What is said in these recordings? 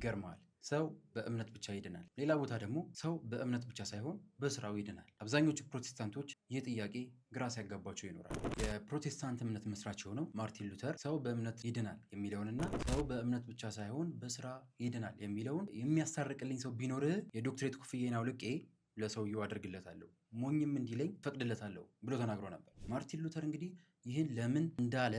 ይገርመዋል። ሰው በእምነት ብቻ ይድናል። ሌላ ቦታ ደግሞ ሰው በእምነት ብቻ ሳይሆን በስራው ይድናል። አብዛኞቹ ፕሮቴስታንቶች ይህ ጥያቄ ግራ ሲያጋባቸው ይኖራል። የፕሮቴስታንት እምነት መስራች የሆነው ማርቲን ሉተር ሰው በእምነት ይድናል የሚለውንና ሰው በእምነት ብቻ ሳይሆን በስራ ይድናል የሚለውን የሚያስታርቅልኝ ሰው ቢኖርህ የዶክትሬት ኩፍዬን አውልቄ ለሰውየው አድርግለታለሁ ሞኝም እንዲለኝ ፈቅድለታለሁ ብሎ ተናግሮ ነበር። ማርቲን ሉተር እንግዲህ ይህን ለምን እንዳለ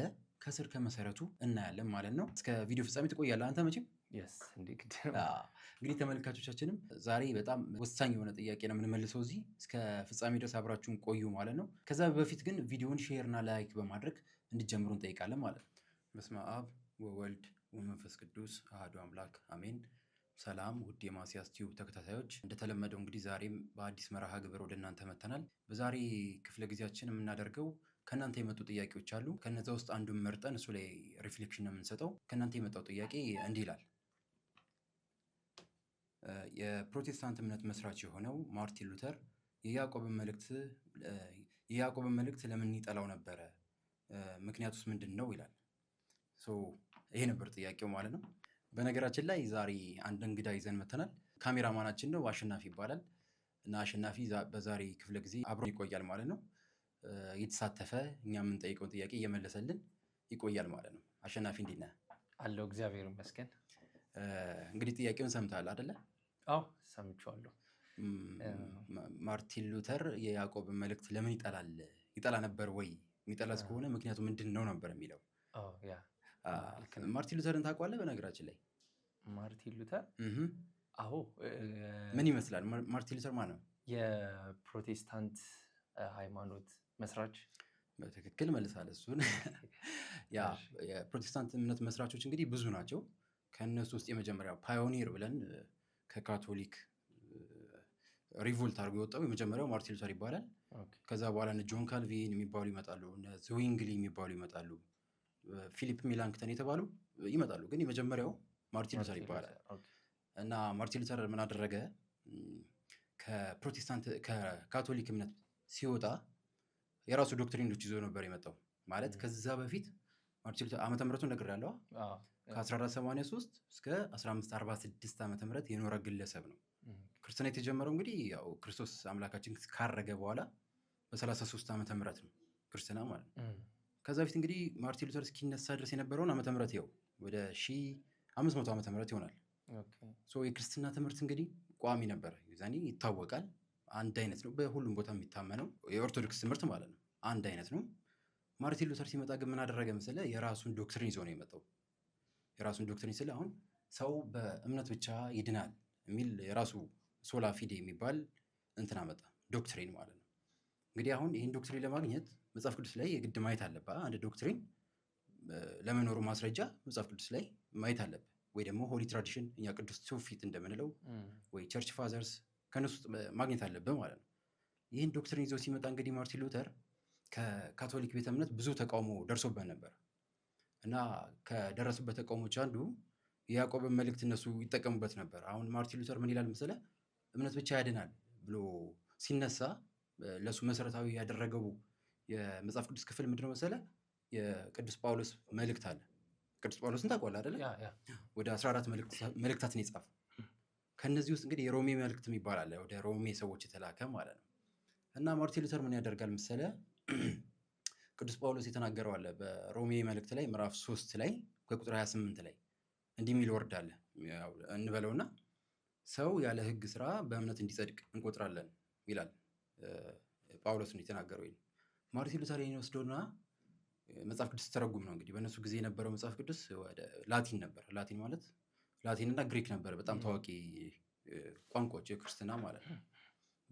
ከስር ከመሰረቱ እናያለን ማለት ነው። እስከ ቪዲዮ ፍጻሜ ትቆያለህ አንተ መቼም እንግዲህ ተመልካቾቻችንም ዛሬ በጣም ወሳኝ የሆነ ጥያቄ ነው የምንመልሰው። እዚህ እስከ ፍጻሜ ድረስ አብራችሁን ቆዩ ማለት ነው። ከዛ በፊት ግን ቪዲዮን ሼርና ላይክ በማድረግ እንዲጀምሩ እንጠይቃለን ማለት ነው። በስመ አብ ወወልድ ወመንፈስ ቅዱስ አህዱ አምላክ አሜን። ሰላም ውድ የማስያስ ቲዩብ ተከታታዮች፣ እንደተለመደው እንግዲህ ዛሬም በአዲስ መርሃ ግብር ወደ እናንተ መተናል። በዛሬ ክፍለ ጊዜያችን የምናደርገው ከእናንተ የመጡ ጥያቄዎች አሉ። ከነዛ ውስጥ አንዱን መርጠን እሱ ላይ ሪፍሌክሽን ነው የምንሰጠው። ከእናንተ የመጣው ጥያቄ እንዲህ ይላል የፕሮቴስታንት እምነት መስራች የሆነው ማርቲን ሉተር የያዕቆብን መልእክት ለምን ይጠላው ነበረ? ምክንያቱስ ምንድን ነው ይላል። ይሄ ነበር ጥያቄው ማለት ነው። በነገራችን ላይ ዛሬ አንድ እንግዳ ይዘን መተናል። ካሜራማናችን ነው አሸናፊ ይባላል እና አሸናፊ በዛሬ ክፍለ ጊዜ አብሮ ይቆያል ማለት ነው። የተሳተፈ እኛ የምንጠይቀውን ጥያቄ እየመለሰልን ይቆያል ማለት ነው። አሸናፊ እንዴት ነህ? አለሁ፣ እግዚአብሔር ይመስገን። እንግዲህ ጥያቄውን ሰምተሃል አይደለ? አዎ ሰምቼዋለሁ። ማርቲን ሉተር የያዕቆብን መልእክት ለምን ይጠላል ይጠላ ነበር ወይ የሚጠላት ከሆነ ምክንያቱ ምንድን ነው ነበር የሚለው ማርቲን ሉተርን ታውቀዋለህ? በነገራችን ላይ ማርቲን ሉተር አዎ፣ ምን ይመስላል? ማርቲን ሉተር ማለት ነው የፕሮቴስታንት ሃይማኖት መስራች። በትክክል መልሳለ እሱን የፕሮቴስታንት እምነት መስራቾች እንግዲህ ብዙ ናቸው። ከእነሱ ውስጥ የመጀመሪያው ፓዮኒር ብለን ከካቶሊክ ሪቮልት አርጎ የወጣው የመጀመሪያው ማርቲን ሉተር ይባላል። ከዛ በኋላ ጆን ካልቪን የሚባሉ ይመጣሉ፣ ዝዊንግሊ የሚባሉ ይመጣሉ፣ ፊሊፕ ሚላንክተን የተባሉ ይመጣሉ። ግን የመጀመሪያው ማርቲን ሉተር ይባላል እና ማርቲን ሉተር ምን አደረገ? ከፕሮቴስታንት ከካቶሊክ እምነት ሲወጣ የራሱ ዶክትሪኖች ይዞ ነበር የመጣው ማለት ከዛ በፊት ማርቲን ሉተር ዓመተ ምሕረቱን እነግርሃለሁ ከ1483 እስከ 1546 ዓ ም የኖረ ግለሰብ ነው። ክርስትና የተጀመረው እንግዲህ ያው ክርስቶስ አምላካችን ካረገ በኋላ በ33 ዓ ም ነው ክርስትና ማለት ነው። ከዛ በፊት እንግዲህ ማርቲን ሉተር እስኪነሳ ድረስ የነበረውን ዓመተ ምህረት ይኸው ወደ 500 ዓመተ ምህረት ይሆናል። የክርስትና ትምህርት እንግዲህ ቋሚ ነበረ፣ ዛኔ ይታወቃል። አንድ አይነት ነው፣ በሁሉም ቦታ የሚታመነው የኦርቶዶክስ ትምህርት ማለት ነው። አንድ አይነት ነው። ማርቲን ሉተር ሲመጣ ግን ምን አደረገ መሰለህ? የራሱን ዶክትሪን ይዞ ነው የመጣው የራሱን ዶክትሪን ስለ አሁን ሰው በእምነት ብቻ ይድናል የሚል የራሱ ሶላ ፊዴ የሚባል እንትን አመጣ፣ ዶክትሪን ማለት ነው። እንግዲህ አሁን ይህን ዶክትሪን ለማግኘት መጽሐፍ ቅዱስ ላይ የግድ ማየት አለብህ። አንድ ዶክትሪን ለመኖሩ ማስረጃ መጽሐፍ ቅዱስ ላይ ማየት አለብህ፣ ወይ ደግሞ ሆሊ ትራዲሽን፣ እኛ ቅዱስ ትውፊት እንደምንለው ወይ ቸርች ፋዘርስ ከነሱ ማግኘት አለብህ ማለት ነው። ይህን ዶክትሪን ይዞ ሲመጣ እንግዲህ ማርቲን ሉተር ከካቶሊክ ቤተ እምነት ብዙ ተቃውሞ ደርሶበት ነበር። እና ከደረሱበት ተቃውሞች አንዱ የያዕቆብን መልእክት እነሱ ይጠቀሙበት ነበር። አሁን ማርቲን ሉተር ምን ይላል መሰለህ? እምነት ብቻ ያድናል ብሎ ሲነሳ ለእሱ መሰረታዊ ያደረገው የመጽሐፍ ቅዱስ ክፍል ምድ መሰለ የቅዱስ ጳውሎስ መልእክት አለ። ቅዱስ ጳውሎስን ታውቀዋለህ አይደለ? ወደ 14 መልእክታትን ይጻፍ። ከነዚህ ውስጥ እንግዲህ የሮሜ መልእክት የሚባል አለ። ወደ ሮሜ ሰዎች የተላከ ማለት ነው። እና ማርቲን ሉተር ምን ያደርጋል መሰለህ ቅዱስ ጳውሎስ የተናገረው አለ በሮሜ መልእክት ላይ ምዕራፍ ሶስት ላይ ከቁጥር 28 ላይ እንዲህ የሚል ወርድ አለ እንበለውና ሰው ያለ ህግ ስራ በእምነት እንዲጸድቅ እንቆጥራለን ይላል ጳውሎስ ነው የተናገረው። ይል ማርቲን ሉተር ወስዶና መጽሐፍ ቅዱስ ተረጉም ነው እንግዲህ። በእነሱ ጊዜ የነበረው መጽሐፍ ቅዱስ ወደ ላቲን ነበር። ላቲን ማለት ላቲን እና ግሪክ ነበር፣ በጣም ታዋቂ ቋንቋዎች የክርስትና ማለት ነው።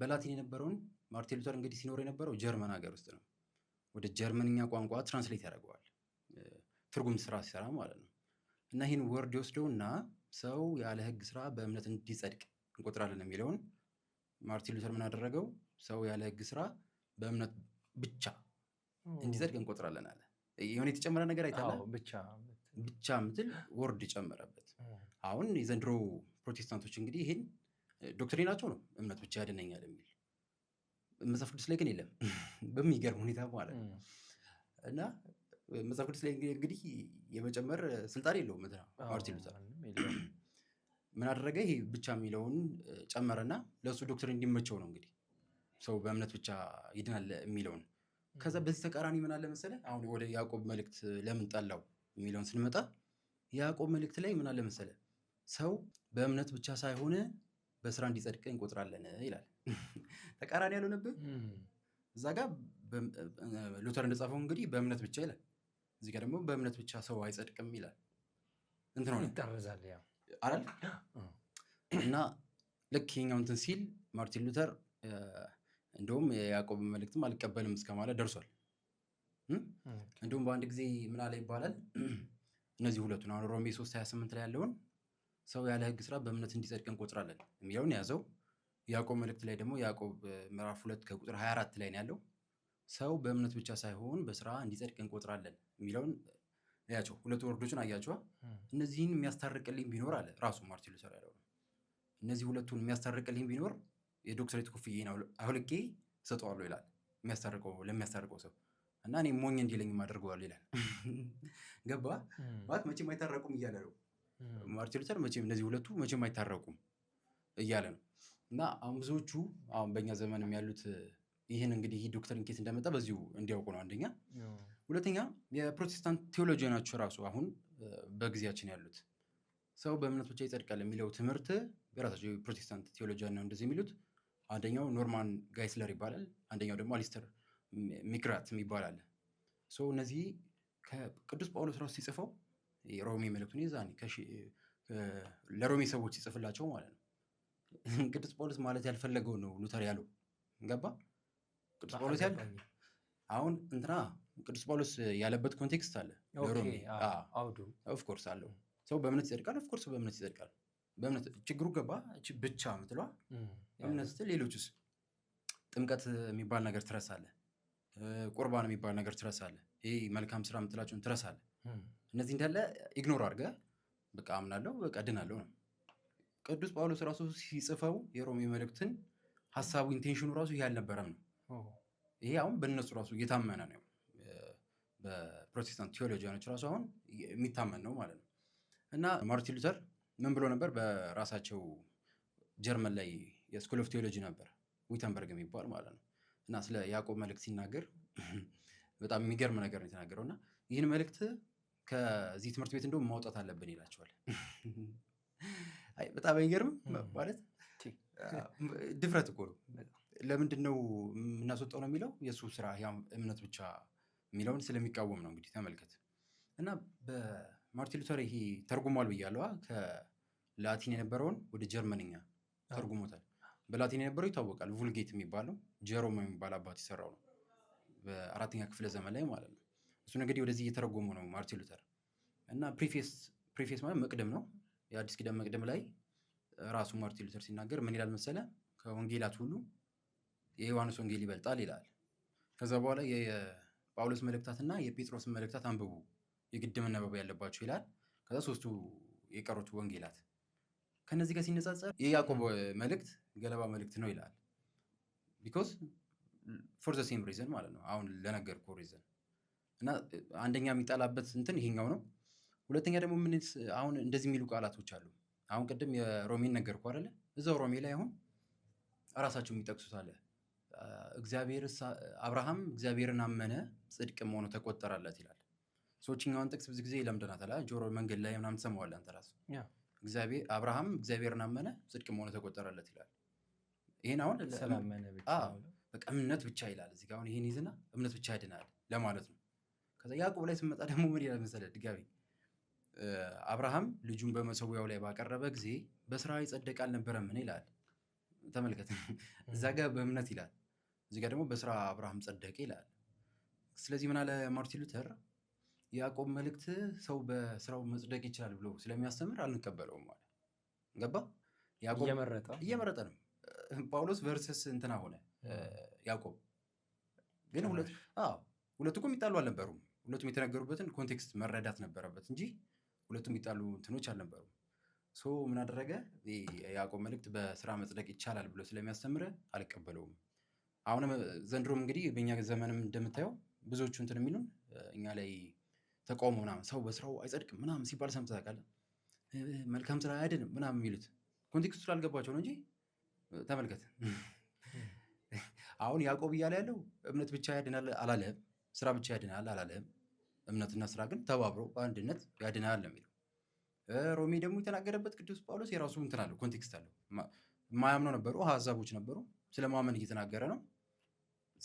በላቲን የነበረውን ማርቲን ሉተር እንግዲህ ሲኖር የነበረው ጀርመን ሀገር ውስጥ ነው። ወደ ጀርመንኛ ቋንቋ ትራንስሌት ያደርገዋል። ትርጉም ስራ ሲሰራ ማለት ነው። እና ይህን ወርድ ይወስደው እና ሰው ያለ ህግ ስራ በእምነት እንዲጸድቅ እንቆጥራለን የሚለውን ማርቲን ሉተር ምን አደረገው? ሰው ያለ ህግ ስራ በእምነት ብቻ እንዲጸድቅ እንቆጥራለን አለ። የሆነ የተጨመረ ነገር አይታለህ? ብቻ ምትል ወርድ ጨመረበት። አሁን የዘንድሮ ፕሮቴስታንቶች እንግዲህ ይህን ዶክትሪናቸው ነው እምነት ብቻ ያደነኛል የሚል መጽሐፍ ቅዱስ ላይ ግን የለም በሚገርም ሁኔታ ማለት ነው። እና መጽሐፍ ቅዱስ ላይ እንግዲህ የመጨመር ስልጣን የለውም። ማርቲን ሉተር ምን አደረገ? ይሄ ብቻ የሚለውን ጨመረና ለእሱ ዶክተር እንዲመቸው ነው እንግዲህ ሰው በእምነት ብቻ ይድናል የሚለውን ከዛ በዚህ ተቃራኒ ምን አለ መሰለህ፣ አሁን ወደ ያዕቆብ መልእክት ለምን ጠላው የሚለውን ስንመጣ የያዕቆብ መልእክት ላይ ምን አለ መሰለ ሰው በእምነት ብቻ ሳይሆን በስራ እንዲጸድቀ እንቆጥራለን ይላል። ተቃራኒ ያልሆነብህ እዛ ጋር ሉተር እንደጻፈው እንግዲህ በእምነት ብቻ ይላል፣ እዚህ ጋር ደግሞ በእምነት ብቻ ሰው አይጸድቅም ይላል። እንትን ሆነ ይጠረዛል አላል እና ልክ ይኸኛው እንትን ሲል ማርቲን ሉተር እንደውም የያዕቆብ መልእክትም አልቀበልም እስከ ማለት ደርሷል። እንዲሁም በአንድ ጊዜ ምናለ ይባላል እነዚህ ሁለቱን አሁን ሮሜ 3 28 ላይ ያለውን ሰው ያለ ህግ ስራ በእምነት እንዲጸድቅ እንቆጥራለን የሚለውን የያዘው ያዕቆብ መልእክት ላይ ደግሞ ያዕቆብ ምዕራፍ ሁለት ከቁጥር 24 ላይ ነው ያለው ሰው በእምነት ብቻ ሳይሆን በስራ እንዲጸድቅ እንቆጥራለን የሚለውን ያቸው ሁለቱ ወርዶችን አያቸዋ። እነዚህን የሚያስታርቅልኝ ቢኖር አለ ራሱ ማርቲን ሉተር ያለው እነዚህ ሁለቱን የሚያስታርቅልኝ ቢኖር የዶክትሬት ነው አሁልኬ ሰጠዋለሁ ይላል የሚያስታርቀው ለሚያስታርቀው ሰው እና እኔ ሞኝ እንዲለኝ አድርገዋል ይላል። ገባ ማለት መቼም አይታረቁም እያለ ነው ማርቲን ሉተር። መቼም እነዚህ ሁለቱ መቼም አይታረቁም እያለ ነው እና አሁን ብዙዎቹ አሁን በእኛ ዘመንም ያሉት ይህን እንግዲህ ይህ ዶክተርን ኬት እንደመጣ በዚሁ እንዲያውቁ ነው። አንደኛ። ሁለተኛ የፕሮቴስታንት ቴዎሎጂ ናቸው ራሱ አሁን በጊዜያችን ያሉት ሰው በእምነት ብቻ ይጸድቃል የሚለው ትምህርት የራሳቸው የፕሮቴስታንት ቴዎሎጂ ነው እንደዚህ የሚሉት። አንደኛው ኖርማን ጋይስለር ይባላል። አንደኛው ደግሞ አሊስተር ሚክራት ይባላል። እነዚህ ከቅዱስ ጳውሎስ ራሱ ሲጽፈው ሮሜ መልእክቱን ይዛ ለሮሜ ሰዎች ሲጽፍላቸው ማለት ነው ቅዱስ ጳውሎስ ማለት ያልፈለገው ነው ሉተር ያለው ገባ። ቅዱስ ጳውሎስ ያለ አሁን እንትና ቅዱስ ጳውሎስ ያለበት ኮንቴክስት አለ ኦፍኮርስ አለው። ሰው በእምነት ይጸድቃል፣ ኦፍኮርስ በእምነት ይጸድቃል። በእምነት ችግሩ ገባ ብቻ ምትሏ እምነት ስትል ሌሎችስ ጥምቀት የሚባል ነገር ትረሳለህ፣ ቁርባን የሚባል ነገር ትረሳለህ፣ ይሄ መልካም ስራ የምትላቸውን ትረሳለህ። እነዚህ እንዳለ ኢግኖር አድርገህ በቃ አምናለው በቃ ድናለው ነው ቅዱስ ጳውሎስ ራሱ ሲጽፈው የሮሜ መልእክትን ሀሳቡ ኢንቴንሽኑ ራሱ ይሄ አልነበረም ነው። ይሄ አሁን በእነሱ ራሱ እየታመነ ነው። በፕሮቴስታንት ቴዎሎጂያኖች ራሱ አሁን የሚታመን ነው ማለት ነው። እና ማርቲን ሉተር ምን ብሎ ነበር? በራሳቸው ጀርመን ላይ የስኩል ኦፍ ቴዎሎጂ ነበር ዊተንበርግ የሚባል ማለት ነው። እና ስለ ያዕቆብ መልእክት ሲናገር በጣም የሚገርም ነገር ነው የተናገረው። እና ይህን መልእክት ከዚህ ትምህርት ቤት እንደውም ማውጣት አለብን ይላቸዋል። በጣም አይገርም ማለት ድፍረት እኮ ነው። ለምንድን ነው የምናስወጣው ነው የሚለው የእሱ ስራ እምነት ብቻ የሚለውን ስለሚቃወም ነው። እንግዲህ ተመልከት እና በማርቲን ሉተር ይሄ ተርጉሟል ብያለዋ። ከላቲን የነበረውን ወደ ጀርመንኛ ተርጉሞታል። በላቲን የነበረው ይታወቃል፣ ቡልጌት የሚባለው ጀሮም የሚባል አባት የሰራው ነው፣ በአራተኛ ክፍለ ዘመን ላይ ማለት ነው። እሱን እንግዲህ ወደዚህ እየተረጎሙ ነው ማርቲን ሉተር እና ፕሪፌስ ፕሪፌስ ማለት መቅደም ነው የአዲስ ኪዳን መቅደም ላይ ራሱ ማርቲን ሉተር ሲናገር ምን ይላል መሰለ? ከወንጌላት ሁሉ የዮሐንስ ወንጌል ይበልጣል ይላል። ከዛ በኋላ የጳውሎስ መልእክታትና የጴጥሮስን መልእክታት አንብቡ የግድ መነበብ ያለባቸው ይላል። ከዛ ሶስቱ የቀሩት ወንጌላት ከነዚህ ጋር ሲነጻጸር የያዕቆብ መልእክት ገለባ መልእክት ነው ይላል። ቢኮዝ ፎር ዘ ሴም ሪዘን ማለት ነው። አሁን ለነገርኩህ ሪዘን እና አንደኛ የሚጣላበት እንትን ይሄኛው ነው። ሁለተኛ ደግሞ ምን አሁን እንደዚህ የሚሉ ቃላቶች አሉ። አሁን ቅድም የሮሜን ነገርኩ አለ። እዛው ሮሜ ላይ አሁን እራሳቸው የሚጠቅሱት አለ። እግዚአብሔር አብርሃም እግዚአብሔርን አመነ ጽድቅም ሆኖ ተቆጠራለት ይላል። ሰዎችኛውን ጥቅስ ብዙ ጊዜ ለምደናታል። ጆሮ መንገድ ላይ ምናምን ትሰማዋለህ አንተ ራስ አብርሃም እግዚአብሔርን አመነ ጽድቅም ሆኖ ተቆጠረለት ይላል። ይህን አሁን በቃ እምነት ብቻ ይላል እዚህ ጋር አሁን ይህን ይዝና እምነት ብቻ ያድናል ለማለት ነው። ከዛ ያዕቆብ ላይ ስመጣ ደግሞ ምን ይላል መሰለህ ድጋሚ አብርሃም ልጁን በመሰዊያው ላይ ባቀረበ ጊዜ በስራ ይጸደቅ አልነበረምን ይላል። ተመልከት፣ እዛ ጋር በእምነት ይላል፣ እዚ ጋ ደግሞ በስራ አብርሃም ጸደቀ ይላል። ስለዚህ ምናለ ማርቲን ሉተር ያዕቆብ መልእክት ሰው በስራው መጽደቅ ይችላል ብሎ ስለሚያስተምር አልንቀበለውም አለ። ገባ? እየመረጠ ነው። ጳውሎስ ቨርሰስ እንትና ሆነ ያዕቆብ። ግን ሁለት ሁለቱ እኮ የሚጣሉ አልነበሩም። ሁለቱም የተነገሩበትን ኮንቴክስት መረዳት ነበረበት እንጂ ሁለቱም የሚጣሉ እንትኖች አልነበሩም። ሶ ምን አደረገ? የያዕቆብ መልእክት በስራ መጽደቅ ይቻላል ብሎ ስለሚያስተምረ አልቀበለውም። አሁንም ዘንድሮም እንግዲህ በእኛ ዘመንም እንደምታየው ብዙዎቹ እንትን የሚሉን እኛ ላይ ተቃውሞ ምናምን ሰው በስራው አይጸድቅም ምናምን ሲባል ሰምተህ ታውቃለህ። መልካም ስራ አይደለም ምናምን የሚሉት ኮንቴክስቱ ላልገባቸው ነው እንጂ ተመልከት። አሁን ያዕቆብ እያለ ያለው እምነት ብቻ ያድናል አላለህም፣ ስራ ብቻ ያድናል አላለህም እምነትና ስራ ግን ተባብሮ በአንድነት ያድናል የሚለው ሮሜ ደግሞ የተናገረበት ቅዱስ ጳውሎስ የራሱ እንትን አለው፣ ኮንቴክስት አለው። የማያምነው ነበሩ ሀሳቦች ነበሩ። ስለ ማመን እየተናገረ ነው።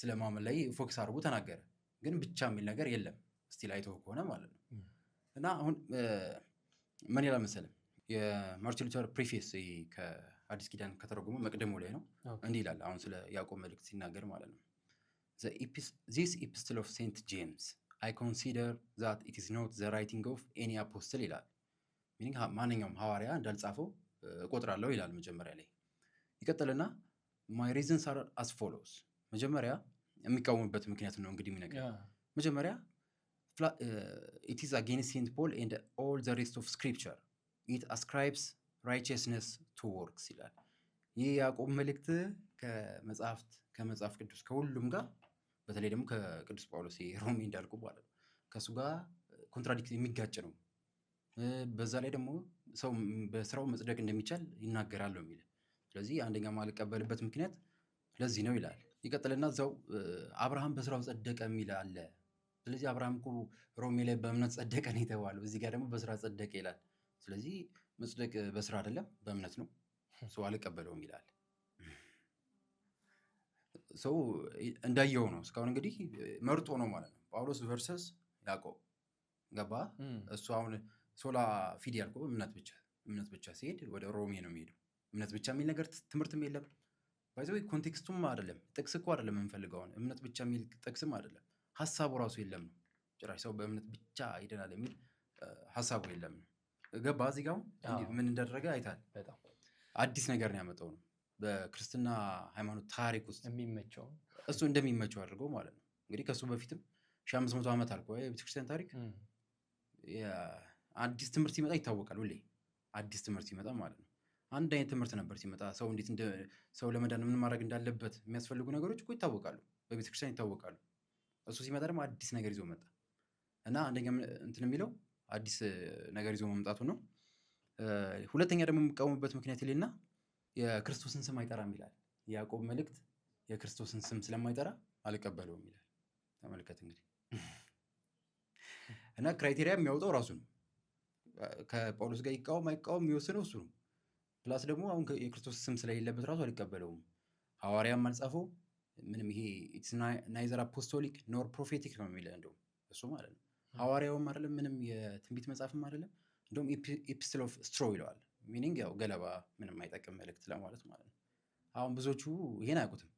ስለ ማመን ላይ ፎክስ አድርጎ ተናገረ። ግን ብቻ የሚል ነገር የለም እስቲል አይቶ ከሆነ ማለት ነው። እና አሁን ምን ይላል መሰለህ የማርቲን ሉተር ፕሪፌስ ከአዲስ ኪዳን ከተረጎመ መቅደሙ ላይ ነው። እንዲህ ይላል አሁን ስለ ያዕቆብ መልእክት ሲናገር ማለት ነው ዚስ ኢፕስትል ኦፍ ሴንት ጄምስ አይ ኮንሲደር ዛት ኢት ኢዝ ኖት ዘ ራይቲንግ ኦፍ ኤኒ አፖስትል ይላል። ሚኒንግ ማንኛውም ሐዋርያ እንዳልጻፈው እቆጥራለሁ ይላል መጀመሪያ ላይ። ይቀጥልና ማይ ሪዝንስ አር አስ ፎሎውስ። መጀመሪያ የሚቃወምበት ምክንያት ነው እንግዲህ የሚነገር መጀመሪያ ኢት ኢዝ አጌንስት ሴንት ፖል ኤንድ ኦል ዘ ሬስት ኦፍ ስክሪፕቸር ኢት አስክራይብስ ራይቸስነስ ቱ ወርክስ ይላል። ይህ ያዕቆብ መልእክት ከመጽሐፍት ከመጽሐፍ ቅዱስ ከሁሉም ጋር በተለይ ደግሞ ከቅዱስ ጳውሎስ ሮሜ እንዳልኩ በኋላ ነው ከእሱ ጋር ኮንትራዲክት የሚጋጭ ነው። በዛ ላይ ደግሞ ሰው በስራው መጽደቅ እንደሚቻል ይናገራል ነው የሚል። ስለዚህ አንደኛ ማልቀበልበት ምክንያት ለዚህ ነው ይላል። ይቀጥልና እዛው አብርሃም በስራው ጸደቀ የሚል አለ። ስለዚህ አብርሃም እኮ ሮሜ ላይ በእምነት ጸደቀ ነው የተባለው፣ እዚህ ጋር ደግሞ በስራ ጸደቀ ይላል። ስለዚህ መጽደቅ በስራ አይደለም በእምነት ነው፣ ሰው አልቀበለውም ይላል። ሰው እንዳየው ነው። እስካሁን እንግዲህ መርጦ ነው ማለት ነው። ጳውሎስ ቨርሰስ ያዕቆብ ገባ። እሱ አሁን ሶላ ፊድ ያልኮ እምነት ብቻ እምነት ብቻ ሲሄድ ወደ ሮሜ ነው የሚሄደው። እምነት ብቻ የሚል ነገር ትምህርትም የለም ባይዘ ኮንቴክስቱም አይደለም። ጥቅስ እኮ አይደለም የምንፈልገውን እምነት ብቻ የሚል ጥቅስም አይደለም። ሀሳቡ ራሱ የለም ነው ጭራሽ። ሰው በእምነት ብቻ ይደናል የሚል ሀሳቡ የለም ነው ገባ። እዚህ ጋ ምን እንዳደረገ አይታል። አዲስ ነገር ነው ያመጣው ነው በክርስትና ሃይማኖት ታሪክ ውስጥ የሚመቸው እሱ እንደሚመቸው አድርገው ማለት ነው። እንግዲህ ከእሱ በፊትም ሺህ አምስት መቶ ዓመት አልቆ የቤተክርስቲያን ታሪክ አዲስ ትምህርት ሲመጣ ይታወቃል። ሁሌ አዲስ ትምህርት ሲመጣ ማለት ነው። አንድ አይነት ትምህርት ነበር ሲመጣ፣ ሰው እንዴት ሰው ለመዳን ምን ማድረግ እንዳለበት የሚያስፈልጉ ነገሮች እኮ ይታወቃሉ፣ በቤተክርስቲያን ይታወቃሉ። እሱ ሲመጣ ደግሞ አዲስ ነገር ይዞ መጣ እና አንደኛ እንትን የሚለው አዲስ ነገር ይዞ መምጣቱ ነው። ሁለተኛ ደግሞ የሚቃወሙበት ምክንያት ይልና የክርስቶስን ስም አይጠራም ይላል የያዕቆብ መልእክት። የክርስቶስን ስም ስለማይጠራ አልቀበለውም ይላል። ተመልከት እንግዲህ እና ክራይቴሪያ የሚያወጣው ራሱ ነው። ከጳውሎስ ጋር ይቃወም አይቃወም የሚወስነው እሱ ነው። ፕላስ ደግሞ አሁን የክርስቶስ ስም ስለሌለበት ራሱ አልቀበለውም። ሐዋርያም አልጻፈው ምንም። ይሄ ናይዘር አፖስቶሊክ ኖር ፕሮፌቲክ ነው የሚለ እንደውም እሱ ማለት ነው። ሐዋርያውም አይደለም ምንም የትንቢት መጽሐፍም አይደለም። እንደውም ኤፒስትል ኦፍ ስትሮ ይለዋል ሚኒንግ ያው ገለባ ምንም አይጠቅም መልእክት ለማለት ማለት ነው። አሁን ብዙዎቹ ይሄን አያውቁትም።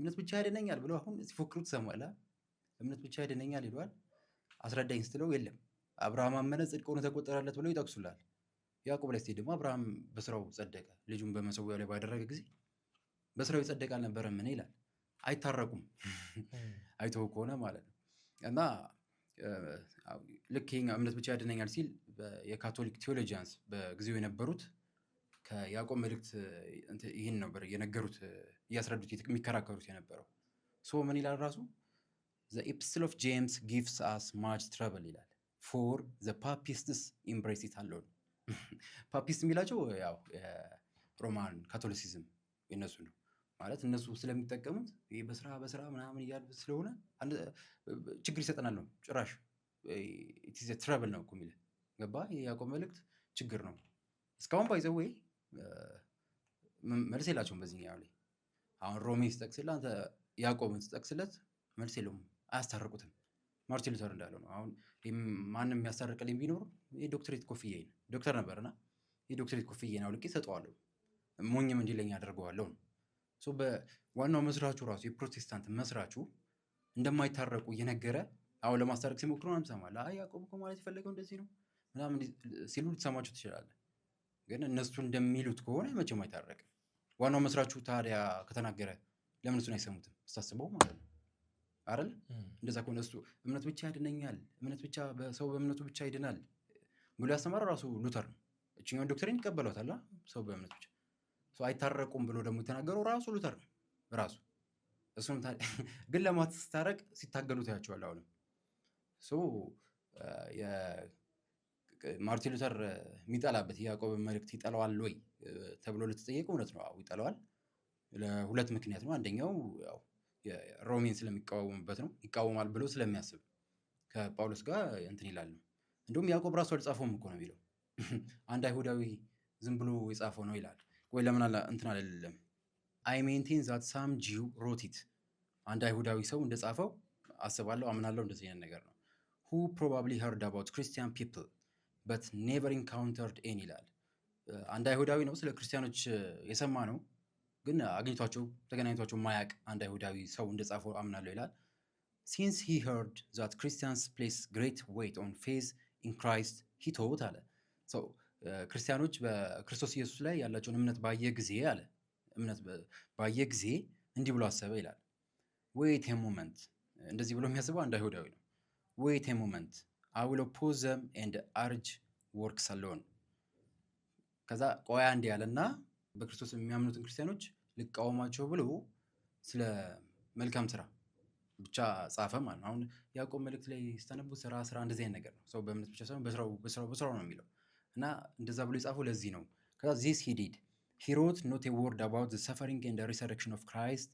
እምነት ብቻ ያድነኛል ብሎ አሁን ሲፎክሩ ትሰማለህ። እምነት ብቻ ያድነኛል ይሏል። አስረዳኝ ስትለው የለም አብርሃም አመነ ጽድቅ ሆኖ ተቆጠራለት ብለው ይጠቅሱላል። ያዕቆብ ላይ ስትሄድ ደግሞ አብርሃም በስራው ጸደቀ፣ ልጁን በመሰዊያው ላይ ባደረገ ጊዜ በስራው ይጸደቅ ምን ይላል። አይታረቁም አይተው ከሆነ ማለት ነው እና ልክ እምነት ብቻ ያድነኛል ሲል የካቶሊክ ቴዎሎጂያንስ በጊዜው የነበሩት ከያዕቆብ መልእክት ይህን ነበር የነገሩት እያስረዱት የሚከራከሩት የነበረው። ሶ ምን ይላል ራሱ ዘ ኤፕስትል ኦፍ ጄምስ ጊቭስ አስ ማች ትራቨል ይላል ፎር ዘ ፓፒስትስ ኢምብሬስ አለውን ፓፒስት የሚላቸው ያው ሮማን ካቶሊሲዝም የነሱ ነው ማለት እነሱ ስለሚጠቀሙት ይህ በስራ በስራ ምናምን እያሉ ስለሆነ ችግር ይሰጠናል ነው ጭራሽ ትራቨል ነው እኮ ገባ የያዕቆብ መልእክት ችግር ነው። እስካሁን ባይዘው ወይ መልስ የላቸውም። በዚህኛው ላይ አሁን ሮሜ ስጠቅስላ አንተ ያዕቆብን ስጠቅስለት መልስ የለውም፣ አያስታርቁትም። ማርቲን ሉተር እንዳለው ነው። አሁን ማንም የሚያስታርቅልኝ ቢኖር የዶክትሬት ኮፍያዬን ዶክተር ነበርና የዶክትሬት ኮፍያዬን አውልቄ ሰጠዋለሁ፣ ሞኝም እንዲለኝ አደርገዋለሁ ነው በዋናው መስራቹ ራሱ የፕሮቴስታንት መስራቹ እንደማይታረቁ እየነገረ አሁን ለማስታረቅ ሲሞክሩ አንሰማለ ያዕቆብ ማለት የፈለገው እንደዚህ ነው ምናምን ሲሉ ልትሰማቸው ትችላለህ። ግን እነሱ እንደሚሉት ከሆነ መቼም አይታረቅም። ዋናው መስራቹ ታዲያ ከተናገረ ለምን እሱን አይሰሙትም? ስታስበው ማለት ነው አይደል? እንደዛ ከሆነ እሱ እምነት ብቻ ያድነኛል፣ እምነት ብቻ ሰው በእምነቱ ብቻ ይድናል ብሎ ያስተማረ ራሱ ሉተር ነው። እችኛውን ዶክትሪን ይቀበሏታል። ሰው በእምነት ብቻ ሰው አይታረቁም ብሎ ደግሞ የተናገረው ራሱ ሉተር ነው ራሱ እሱም ግን ስታረቅ ሲታገሉ ታያቸዋል። አሁንም ማርቲን ሉተር የሚጠላበት ያቆብ መልእክት ይጠለዋል ወይ ተብሎ ልትጠየቅ፣ እውነት ነው ይጠለዋል። ለሁለት ምክንያት ነው። አንደኛው ሮሜን ስለሚቃወሙበት ነው፣ ይቃወማል ብሎ ስለሚያስብ ከጳውሎስ ጋር እንትን ይላል እንዲሁም ያዕቆብ ራሱ አልጻፈውም እኮ ነው የሚለው አንድ አይሁዳዊ ዝም ብሎ የጻፈው ነው ይላል። ወይ ለምን እንትን አለለም አይ ሜንቴን ዛት ሳም ጂው ሮቲት አንድ አይሁዳዊ ሰው እንደጻፈው አስባለሁ፣ አምናለሁ። እንደዚህ አይነት ነገር ነው። ሁ ፕሮባብሊ ሄርድ አባውት ክርስቲያን ፒፕል በት ኔቨር ኢንካውንተርድ ኤን ይላል። አንድ አይሁዳዊ ነው ስለ ክርስቲያኖች የሰማ ነው ግን አግኝቷቸው ተገናኝቷቸው ማያቅ አንድ አይሁዳዊ ሰው እንደጻፈው አምናለሁ ይላል። ሲንስ ሂ ሄርድ ዛት ክርስቲያንስ ፕሌስ ግሬት ዌይት ኦን ፌዝ ኢን ክራይስት ሂ ቶት አለ ክርስቲያኖች በክርስቶስ ኢየሱስ ላይ ያላቸውን እምነት ባየ ጊዜ አለ እምነት ባየ ጊዜ እንዲህ ብሎ አሰበ ይላል። ዌይት ሞመንት እንደዚህ ብሎ የሚያስበው አንድ አይሁዳዊ ነው። ዌይት ሞመንት አይ ዊል ኦፖዝ ዘም ኤንድ አርጅ ወርክስ አለውን ከዛ ቆያ እንዲ ያለና በክርስቶስ የሚያምኑትን ክርስቲያኖች ልቃወማቸው ብሎ ስለ መልካም ስራ ብቻ ጻፈ ማለት ነው። አሁን ያዕቆብ መልእክት ላይ ስታነቡ ስራ ስራ እንደዚህ አይነት ነገር ነው። ሰው በእምነት ብቻ ሳይሆን በስራው ነው የሚለው እና እንደዛ ብሎ የጻፈው ለዚህ ነው። ከዛ ዚስ ሂ ዲድ ሂ ሮት ኖት ወርድ አባውት ዘ ሰፈሪንግ ኤንድ ሪሰረክሽን ኦፍ ክራይስት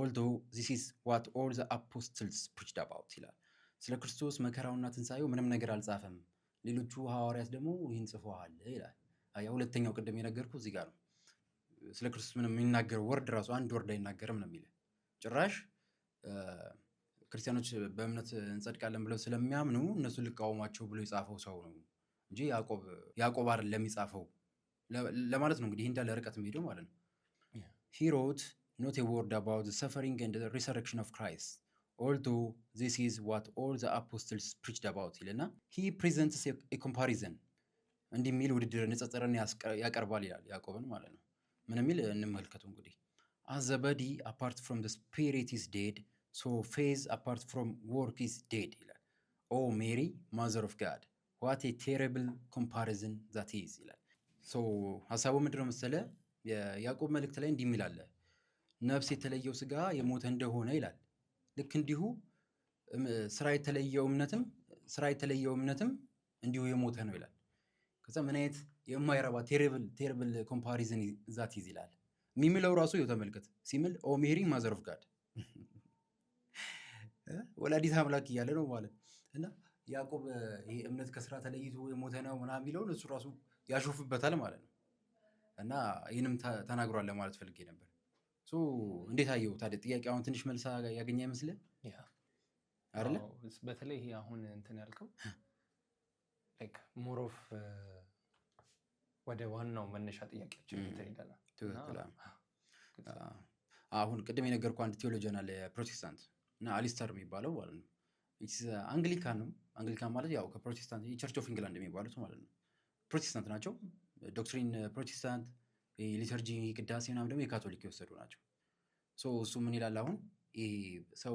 ኦልዶ ዚስ ኢዝ ዋት ኦል ዘ አፖስትልስ ፕሪችድ አባውት ይላል። ስለ ክርስቶስ መከራውና ትንሣኤው ምንም ነገር አልጻፈም፣ ሌሎቹ ሐዋርያት ደግሞ ይህን ጽፈዋል ይላል። ሁለተኛው ቅድም የነገርኩ እዚህ ጋር ነው። ስለ ክርስቶስ ምንም የሚናገረው ወርድ ራሱ አንድ ወርድ አይናገርም ነው የሚለ ጭራሽ ክርስቲያኖች በእምነት እንጸድቃለን ብለው ስለሚያምኑ እነሱ ልቃወሟቸው ብሎ የጻፈው ሰው ነው እንጂ ያዕቆብ አይደል ለሚጻፈው ለማለት ነው። እንግዲህ እንዳለ ርቀት የሚሄደው ማለት ነው። ሂ ሮት ኖት ኤ ወርድ አባውት ሰፈሪንግ ኤንድ ሪሰረክሽን ኦፍ ክራይስት ኦልዶ ዚስ ኢዝ ዋት ኦል ዘ አፖስትልስ ፕሪችድ አባውት ይልና ሂ ፕሬዘንትስ ኮምፓሪዘን እንዲህ የሚል ውድድር ንጽጽርን ያቀርባል ይላል ያዕቆብን ማለት ነው። ምን የሚል እንመልከቱ እንግዲህ አስ ዘ በዲ አፓርት ፍሮም ዘ ስፒሪት ኢዝ ዴድ ሶ ፌዝ አፓርት ፍሮም ወርክ ኢዝ ዴድ ይላል። ኦ ሜሪ ማዘር ኦፍ ጋድ ዋት ቴሬብል ኮምፓሪዝን ዛት ኢዝ ይላል። ሀሳቡ ምድር መሰለ? የያዕቆብ መልእክት ላይ እንዲህ የሚል አለ ነፍስ የተለየው ስጋ የሞተ እንደሆነ ይላል ልክ እንዲሁ ስራ የተለየው እምነትም ስራ የተለየው እምነትም እንዲሁ የሞተ ነው ይላል። ከዛ ምን አይነት የማይረባ ቴሪብል ቴሪብል ኮምፓሪዝን ዛት ይዝ ይላል የሚምለው ራሱ ይኸው ተመልከት ሲምል ኦ ሜሪ ማዘር ኦፍ ጋድ ወላዲት አምላክ እያለ ነው ማለት እና ያዕቆብ ይሄ እምነት ከስራ ተለይቶ የሞተ ነው ምናምን የሚለውን እሱ ራሱ ያሾፍበታል ማለት ነው። እና ይህንም ተናግሯል ለማለት ፈልጌ ነበር። እንዴት አየው ታዲያ? ጥያቄ አሁን ትንሽ መልሳ ያገኘ አይመስልህ አለ። በተለይ አሁን እንትን ያልከው ሞሮፍ ወደ ዋናው መነሻ ጥያቄያችን ትሄዳለህ። አሁን ቅድም የነገርኩህ አንድ ቴዎሎጂያን አለ ፕሮቴስታንት እና አሊስተር የሚባለው ማለት ነው። አንግሊካን ነው። አንግሊካን ማለት ያው ከፕሮቴስታንት የቸርች ኦፍ ኢንግላንድ የሚባሉት ማለት ነው። ፕሮቴስታንት ናቸው። ዶክትሪን ፕሮቴስታንት ሊተርጂ ቅዳሴ ምናምን ደግሞ የካቶሊክ የወሰዱ ናቸው። እሱ ምን ይላል አሁን ሰው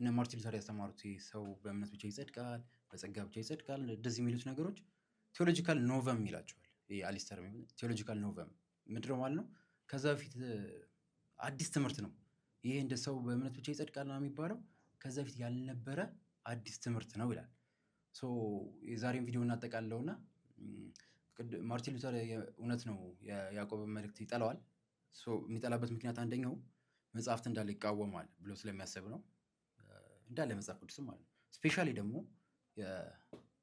እነ ማርቲን ሉተር ያስተማሩት ሰው በእምነት ብቻ ይጸድቃል፣ በጸጋ ብቻ ይጸድቃል፣ እንደዚህ የሚሉት ነገሮች ቴዎሎጂካል ኖቨም ይላቸዋል። አሊስተር ቴዎሎጂካል ኖቨም ምንድን ነው ማለት ነው? ከዛ በፊት አዲስ ትምህርት ነው ይሄ። እንደ ሰው በእምነት ብቻ ይጸድቃል ነው የሚባለው ከዛ በፊት ያልነበረ አዲስ ትምህርት ነው ይላል። የዛሬን ቪዲዮ እናጠቃለውና ማርቲን ሉተር እውነት ነው የያዕቆብን መልእክት ይጠላዋል። የሚጠላበት ምክንያት አንደኛው መጽሐፍት እንዳለ ይቃወማል ብሎ ስለሚያስብ ነው። እንዳለ መጽሐፍ ቅዱስም ማለት ነው። ስፔሻሊ ደግሞ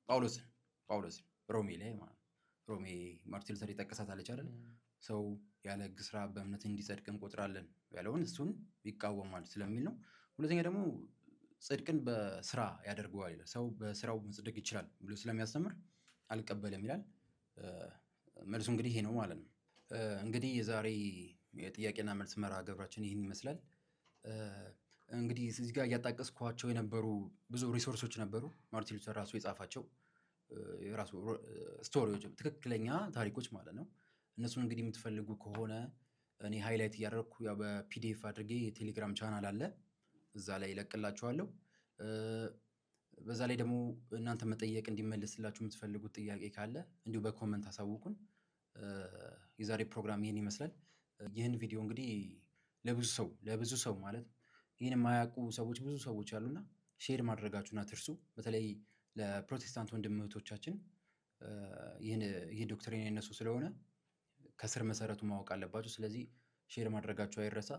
ጳውሎስን ጳውሎስን ሮሜ ላይ ማለት ነው። ሮሜ ማርቲን ሉተር ይጠቀሳታለች አይደል? ሰው ያለ ሕግ ስራ በእምነት እንዲጸድቅ እንቆጥራለን ያለውን እሱን ይቃወማል ስለሚል ነው። ሁለተኛ ደግሞ ጽድቅን በስራ ያደርገዋል ይላል። ሰው በስራው መጽደቅ ይችላል ብሎ ስለሚያስተምር አልቀበልም ይላል። መልሱ እንግዲህ ይሄ ነው ማለት ነው። እንግዲህ የዛሬ የጥያቄና መልስ መርሃ ግብራችን ይህን ይመስላል። እንግዲህ እዚህ ጋር እያጣቀስኳቸው የነበሩ ብዙ ሪሶርሶች ነበሩ። ማርቲን ሉተር ራሱ የጻፋቸው የራሱ ስቶሪዎች፣ ትክክለኛ ታሪኮች ማለት ነው። እነሱን እንግዲህ የምትፈልጉ ከሆነ እኔ ሃይላይት እያደረግኩ ያው በፒዲኤፍ አድርጌ የቴሌግራም ቻናል አለ እዛ ላይ ይለቅላችኋለሁ። በዛ ላይ ደግሞ እናንተ መጠየቅ እንዲመለስላችሁ የምትፈልጉት ጥያቄ ካለ እንዲሁ በኮመንት አሳውቁን። የዛሬ ፕሮግራም ይህን ይመስላል። ይህን ቪዲዮ እንግዲህ ለብዙ ሰው ለብዙ ሰው ማለት ይህን የማያውቁ ሰዎች ብዙ ሰዎች አሉና ሼር ማድረጋችሁን አትርሱ። በተለይ ለፕሮቴስታንት ወንድም እህቶቻችን ይህ ዶክትሪን የነሱ ስለሆነ ከስር መሰረቱ ማወቅ አለባቸው። ስለዚህ ሼር ማድረጋችሁ አይረሳ።